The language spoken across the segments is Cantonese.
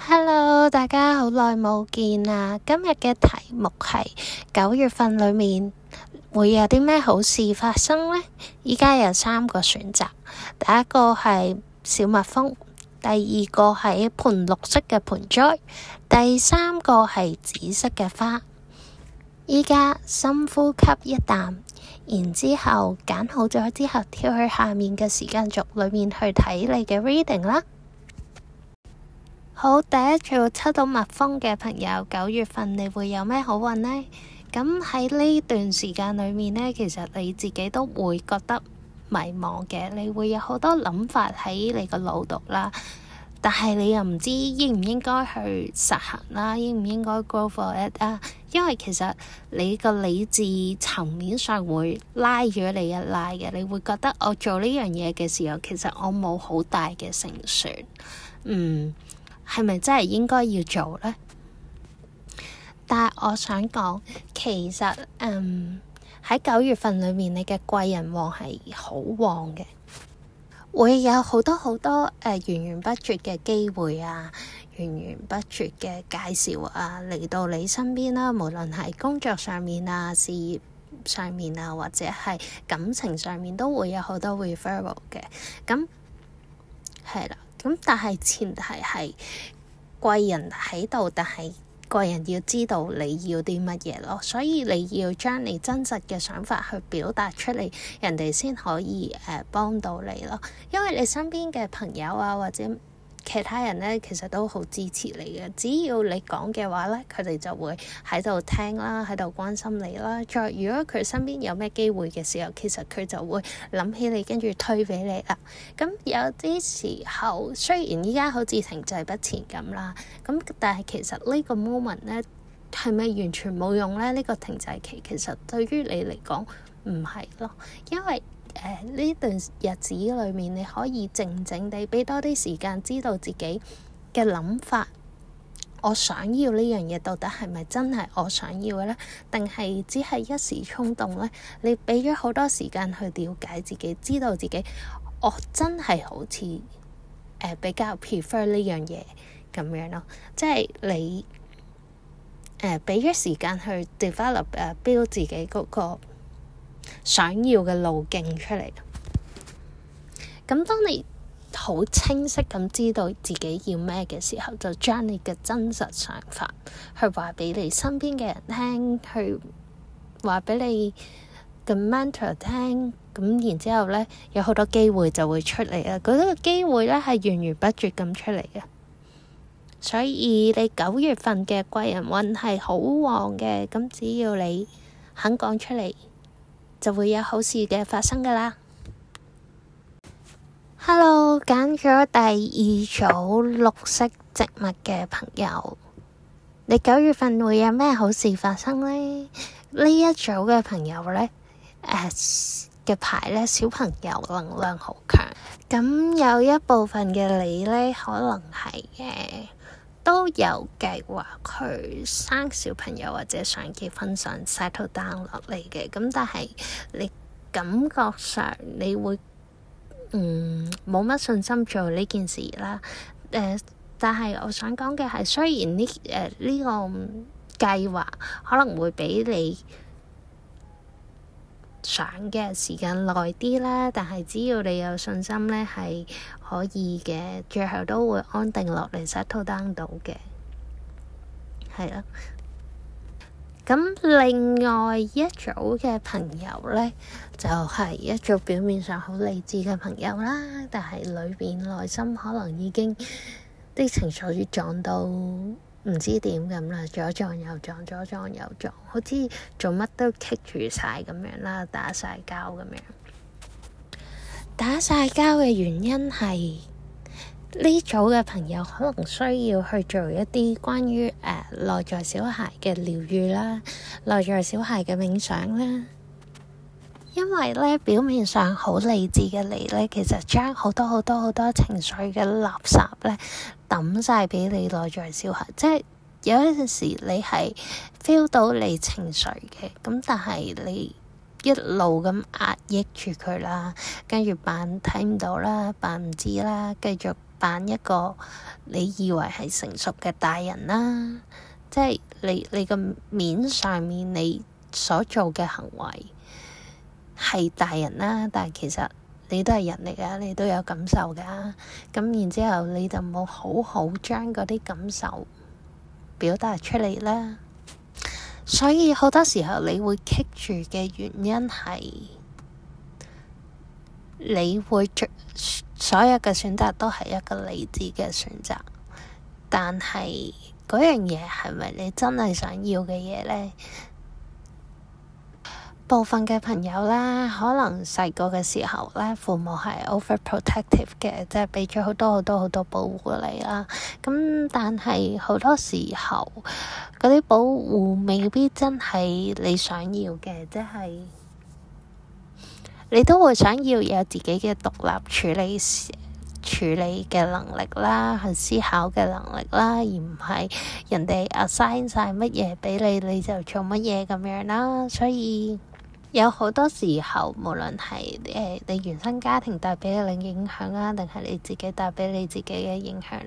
Hello，大家好耐冇見啦！今日嘅題目係九月份裏面會有啲咩好事發生呢？而家有三個選擇，第一個係小蜜蜂，第二個係一盆綠色嘅盆栽，第三個係紫色嘅花。而家深呼吸一啖，然之後揀好咗之後，跳去下面嘅時間軸裏面去睇你嘅 reading 啦。好，第一做抽到蜜蜂嘅朋友，九月份你會有咩好運呢？咁喺呢段時間裏面呢，其實你自己都會覺得迷茫嘅。你會有好多諗法喺你個腦度啦，但係你又唔知應唔應該去實行啦，應唔應該 go for it 啊？因為其實你個理智層面上會拉咗你一拉嘅，你會覺得我做呢樣嘢嘅時候，其實我冇好大嘅成算，嗯。係咪真係應該要做呢？但係我想講，其實嗯喺九月份裏面，你嘅貴人旺係好旺嘅，會有好多好多誒、呃、源源不絕嘅機會啊，源源不絕嘅介紹啊嚟到你身邊啦、啊。無論係工作上面啊、事業上面啊，或者係感情上面，都會有好多 referral 嘅，咁係啦。咁但係前提係貴人喺度，但係貴人要知道你要啲乜嘢咯，所以你要將你真實嘅想法去表達出嚟，人哋先可以誒幫到你咯。因為你身邊嘅朋友啊，或者～其他人咧其實都好支持你嘅，只要你講嘅話咧，佢哋就會喺度聽啦，喺度關心你啦。再如果佢身邊有咩機會嘅時候，其實佢就會諗起你，跟住推俾你啦。咁有啲時候雖然依家好似停滯不前咁啦，咁但係其實呢個 moment 咧係咪完全冇用咧？呢個停滯期其實對於你嚟講唔係咯，因為，呃、呢段日子裏面，你可以靜靜地俾多啲時間，知道自己嘅諗法。我想要呢樣嘢，到底係咪真係我想要嘅呢？定係只係一時衝動呢？你俾咗好多時間去了解自己，知道自己我真係好似、呃、比較 prefer 呢樣嘢咁樣咯。即係你畀咗、呃、時間去 develop 誒、uh, build 自己嗰、那個。想要嘅路徑出嚟。咁當你好清晰咁知道自己要咩嘅時候，就將你嘅真實想法去話俾你身邊嘅人聽，去話俾你嘅 mentor 聽。咁然之後咧，有好多機會就會出嚟喇！嗰啲嘅機會咧，係源源不絕咁出嚟嘅，所以你九月份嘅貴人運係好旺嘅。咁只要你肯講出嚟，就會有好事嘅發生㗎喇。Hello，揀咗第二組綠色植物嘅朋友，你九月份會有咩好事發生呢？呢一組嘅朋友呢，誒嘅牌呢，小朋友能量好強，咁有一部分嘅你呢，可能係嘅。都有計劃去生小朋友或者想結婚想 set down 落嚟嘅，咁但係你感覺上你會嗯，冇乜信心做呢件事啦。呃，但係我想講嘅係，雖然呢誒，呢個計劃可能會比你想嘅時間耐啲啦，但係只要你有信心呢係。可以嘅，最後都會安定落嚟 settle down 到嘅，係啦。咁另外一組嘅朋友咧，就係、是、一組表面上好理智嘅朋友啦，但係裏邊內心可能已經啲情緒好似撞到唔知點咁啦，左撞右撞，左撞右撞，右撞右撞，好似做乜都棘住晒咁樣啦，打晒交咁樣。打晒交嘅原因係呢組嘅朋友可能需要去做一啲關於誒 uh 內在小孩嘅療愈啦，內在小孩嘅冥想啦。因為咧表面上好理智嘅你咧，其實將好多好多好多情緒嘅垃圾咧抌晒畀你內在小孩，即係有陣時你係 feel 到你情緒嘅，咁但係你。一路咁壓抑住佢啦，跟住扮睇唔到啦，扮唔知啦，繼續扮一個你以為係成熟嘅大人啦，即係你你個面上面你所做嘅行為係大人啦，但係其實你都係人嚟㗎，你都有感受噶，咁然之後你就冇好好將嗰啲感受表達出嚟啦。所以好多時候，你會棘住嘅原因係，你會選所有嘅選擇都係一個理智嘅選擇，但係嗰樣嘢係咪你真係想要嘅嘢咧？部分嘅朋友啦，可能細個嘅時候咧，父母係 overprotective 嘅，即係俾咗好多好多好多保護你啦。咁但係好多時候，嗰啲保護未必真係你想要嘅，即係，你都會想要有自己嘅獨立處理處理嘅能力啦，去思考嘅能力啦，而唔係人哋 assign 晒乜嘢俾你，你就做乜嘢咁樣啦。所以有好多時候，無論係誒你原生家庭帶畀你影響啊，定係你自己帶畀你自己嘅影響，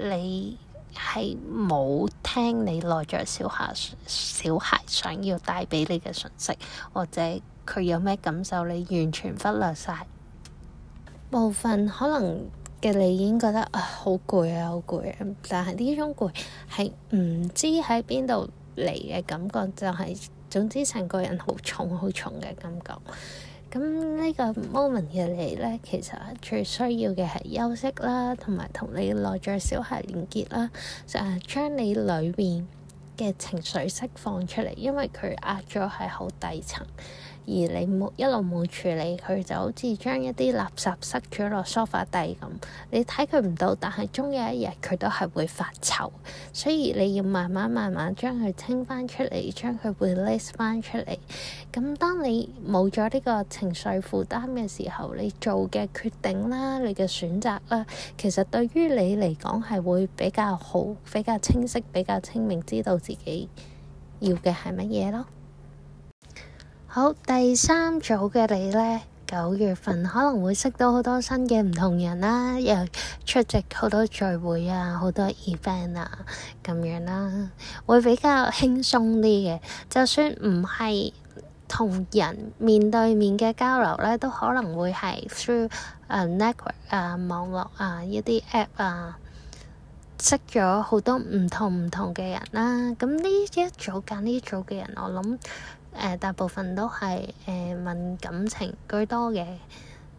你係冇聽你內在小孩小孩想要帶畀你嘅信息，或者佢有咩感受，你完全忽略晒。部分可能嘅你已經覺得啊好攰啊好攰啊，但係呢種攰係唔知喺邊度嚟嘅感覺，就係、是。總之，成個人好重好重嘅感覺。咁呢個 moment 嘅你咧，其實最需要嘅係休息啦，同埋同你內在小孩連結啦，誒將你裏面嘅情緒釋放出嚟，因為佢壓咗係好底層。而你冇一路冇處理佢，就好似將一啲垃圾塞住落梳化底咁。你睇佢唔到，但係終有一日佢都係會發臭。所以你要慢慢慢慢將佢清翻出嚟，將佢 release 翻出嚟。咁當你冇咗呢個情緒負擔嘅時候，你做嘅決定啦，你嘅選擇啦，其實對於你嚟講係會比較好、比較清晰、比較清明，知道自己要嘅係乜嘢咯。好，第三組嘅你呢，九月份可能會識到好多新嘅唔同人啦、啊，又出席好多聚會啊，好多 event 啊，咁樣啦、啊，會比較輕鬆啲嘅。就算唔係同人面對面嘅交流呢，都可能會係 through 誒、uh, network 啊、網絡啊、一啲 app 啊，識咗好多唔同唔同嘅人啦、啊。咁呢一組揀呢組嘅人，我諗。誒、呃、大部分都係誒、呃、問感情居多嘅，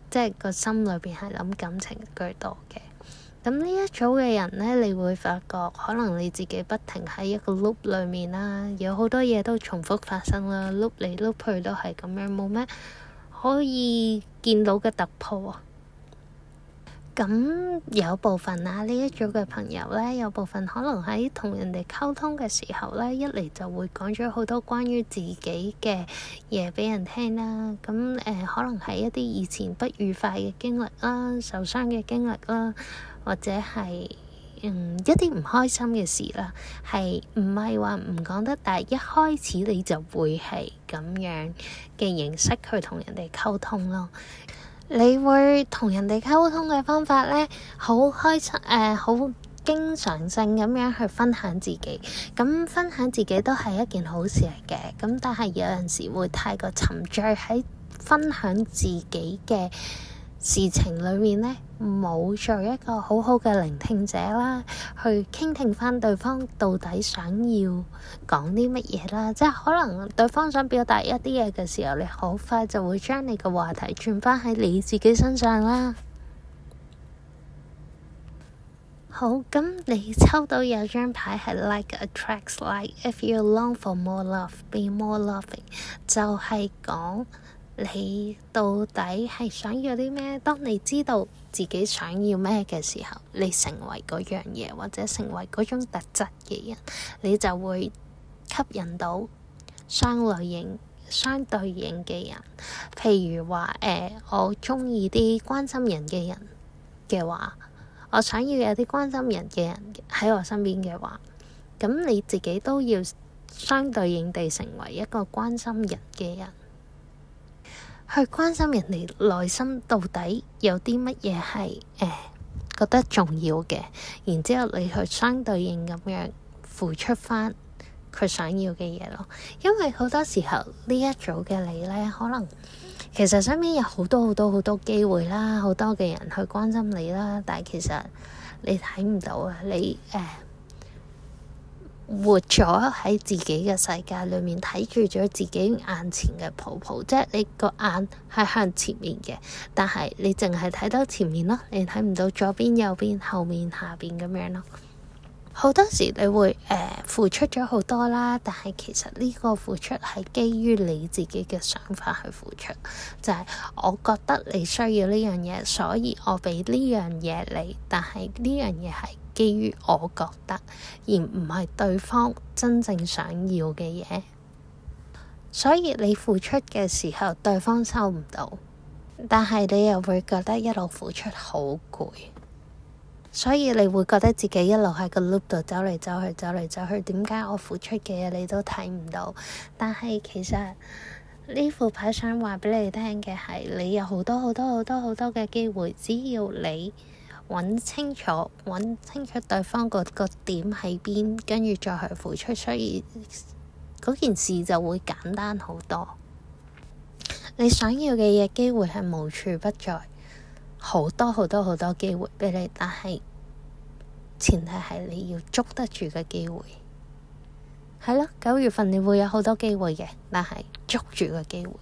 即係個心裏邊係諗感情居多嘅。咁呢一組嘅人咧，你會發覺可能你自己不停喺一個 loop 裡面啦、啊，有好多嘢都重複發生啦，loop 嚟 loop 去都係咁樣，冇咩可以見到嘅突破啊！咁有部分啊，呢一組嘅朋友咧，有部分可能喺同人哋溝通嘅時候咧，一嚟就會講咗好多關於自己嘅嘢俾人聽啦。咁誒、呃，可能係一啲以前不愉快嘅經歷啦、受傷嘅經歷啦，或者係嗯一啲唔開心嘅事啦，係唔係話唔講得？但係一開始你就會係咁樣嘅形式去同人哋溝通咯。你會同人哋溝通嘅方法咧，好開心，誒、呃，好經常性咁樣去分享自己。咁分享自己都係一件好事嚟嘅。咁但係有陣時會太過沉醉喺分享自己嘅事情裏面呢，冇做一個好好嘅聆聽者啦，去傾聽返對方到底想要講啲乜嘢啦。即係可能對方想表達一啲嘢嘅時候，你好快就會將你嘅話題轉返喺你自己身上啦。好，咁你抽到有一張牌係 Like attracts like，if you long for more love，be more loving，就係講。你到底係想要啲咩？當你知道自己想要咩嘅時候，你成為嗰樣嘢或者成為嗰種特質嘅人，你就會吸引到相類型、相對應嘅人。譬如話誒、呃、我中意啲關心人嘅人嘅話，我想要有啲關心人嘅人喺我身邊嘅話，咁你自己都要相對應地成為一個關心人嘅人。去關心人哋內心到底有啲乜嘢係誒覺得重要嘅，然之後你去相對應咁樣付出返佢想要嘅嘢囉。因為好多時候呢一組嘅你咧，可能其實身邊有好多好多好多機會啦，好多嘅人去關心你啦，但係其實你睇唔到啊，你誒。呃活咗喺自己嘅世界裏面，睇住咗自己眼前嘅泡泡，即係你個眼係向前面嘅，但係你淨係睇到前面咯，你睇唔到左邊右邊後面、下邊咁樣咯。好多時你會誒、呃、付出咗好多啦，但係其實呢個付出係基於你自己嘅想法去付出，就係、是、我覺得你需要呢樣嘢，所以我俾呢樣嘢你，但係呢樣嘢係。基於我覺得，而唔係對方真正想要嘅嘢，所以你付出嘅時候，對方收唔到，但係你又會覺得一路付出好攰，所以你會覺得自己一路喺個 loop 度走嚟走去，走嚟走去，點解我付出嘅嘢你都睇唔到？但係其實呢副牌想話俾你聽嘅係，你有好多好多好多好多嘅機會，只要你。揾清楚，揾清楚對方個個點喺邊，跟住再去付出，所以嗰件事就會簡單好多。你想要嘅嘢，機會係無處不在，好多好多好多機會畀你，但係前提係你要捉得住個機會。係咯，九月份你會有好多機會嘅，但係捉住個機會。